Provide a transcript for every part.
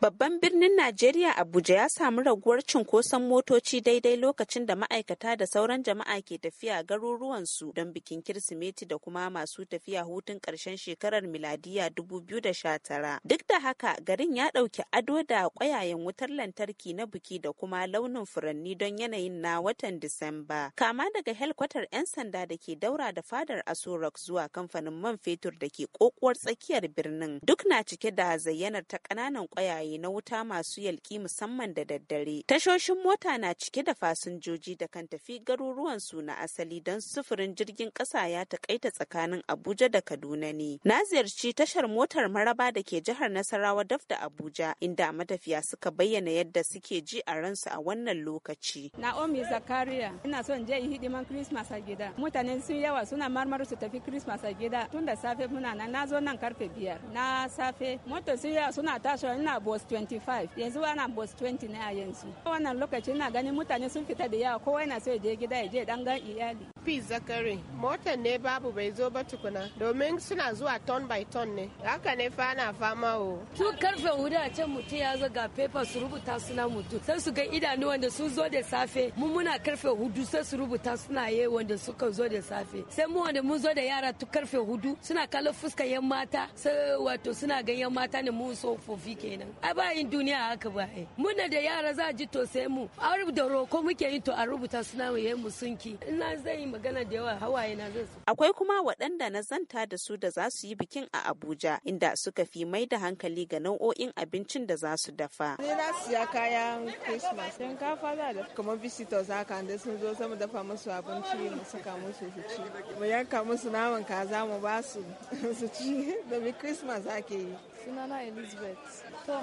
Babban birnin Najeriya Abuja ya samu raguwar cunkoson motoci daidai lokacin da ma'aikata da sauran jama'a ke tafiya garuruwansu don bikin Kirsimeti da kuma masu tafiya hutun ƙarshen shekarar miladiya 2019. Duk da haka garin ya ɗauki ado da ƙwayayen wutar lantarki na biki da kuma launin furanni don yanayin na watan Disamba. Kama daga helkwatar 'yan sanda da ke daura da fadar Asorok zuwa kamfanin man fetur da ke ƙoƙuwar tsakiyar birnin. Duk na cike da zayyanar ta ƙananan kwayaye filaye na wuta masu yalki musamman da daddare. Tashoshin mota na cike da fasinjoji da kan tafi garuruwan su na asali don sufurin jirgin ƙasa ya taƙaita tsakanin Abuja da Kaduna ne. Na ziyarci tashar motar maraba da ke jihar Nasarawa daf da Abuja inda matafiya suka bayyana yadda suke ji a ransu a wannan lokaci. Naomi Zakaria ina son je in hidiman Christmas a gida. Mutane sun yawa suna marmaru su tafi Christmas a gida tun da safe muna nan na zo nan karfe biyar na safe motar sun yawa suna tashar, ina bo boss 25 yanzu ana boss 20 ne a yanzu wannan lokaci na ganin mutane sun fita da yawa kowa yana so ya je gida ya je dan gan iyali Peace Zakari motar ne babu bai zo ba tukuna domin suna zuwa ton by ton ne haka ne fa na fama o. Tun karfe hudu a can mutum ya zo ga paper su rubuta suna mutu sai su ga idanu wanda sun zo da safe mun muna karfe hudu sai su rubuta suna ye wanda suka zo da safe sai mu wanda mun zo da yara tu karfe hudu suna kallon fuska yan mata sai wato suna ga yan mata ne mun fofi kenan ai ba yin duniya haka ba ai eh. muna da yara za a ji to sai mu a rubuta roko muke yi to a rubuta suna ye mu sunki ina zai magana da yawa hawaye na zan su. Akwai kuma waɗanda na zanta da su da za su yi bikin a Abuja inda suka fi mai da hankali ga nau'o'in abincin da za su dafa. Ni na siya kayan Christmas don kafa za da kuma visitors haka da sun zo sama dafa musu abinci mu saka musu su ci. Mu yanka musu naman kaza mu ba su su ci domin Christmas ake yi. Sunana Elizabeth. To,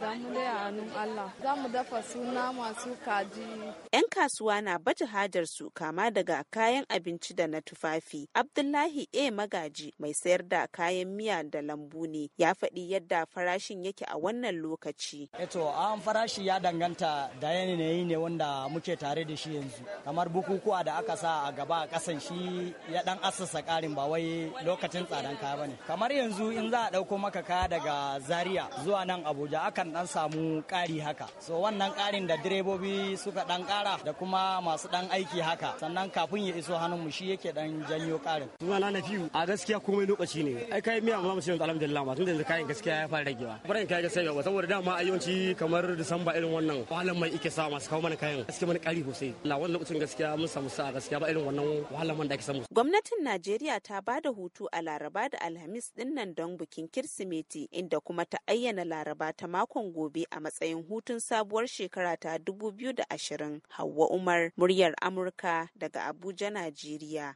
da mu dai a hannun Allah. Za mu dafa nama su kaji. 'Yan kasuwa na baje hajar su kama daga kayan abinci da na tufafi. Abdullahi A eh, Magaji mai sayar da kayan miya da lambu ne ya faɗi yadda farashin yake a wannan lokaci. Eto eh an farashi ya danganta da yanayi ne wanda muke tare da shi yanzu. Kamar bukukuwa da aka sa a gaba a kasan shi ya dan asasa ƙarin ba wai lokacin tsadan kaya ba ne. Kamar yanzu in za a ɗauko maka kaya daga Zaria zuwa nan Abuja akan ɗan samu ƙari haka. So wannan ƙarin da direbobi suka ɗan ƙara da kuma masu ɗan aiki haka. Sannan kafin ya. ya iso hannunmu shi yake dan janyo karin. Sunana na fiyu a gaskiya komai lokaci ne. Ai kai miya ba mu sai alhamdulillah ba tun da yanzu kayan gaskiya ya fara ragewa. Farin kayan gaskiya ba saboda dama ayyanci kamar Disamba irin wannan wahalar mai ike sa masu kawo mana kayan gaskiya mana kari sosai. La wannan lokacin gaskiya mun samu sa gaskiya ba irin wannan wahalar man da ake samu. Gwamnatin Najeriya ta ba da hutu a Laraba da Alhamis din nan don bikin Kirsimeti inda kuma ta ayyana Laraba ta makon gobe a matsayin hutun sabuwar shekara ta 2020. Hauwa Umar, muryar Amurka daga Abuja. Waje Najeriya.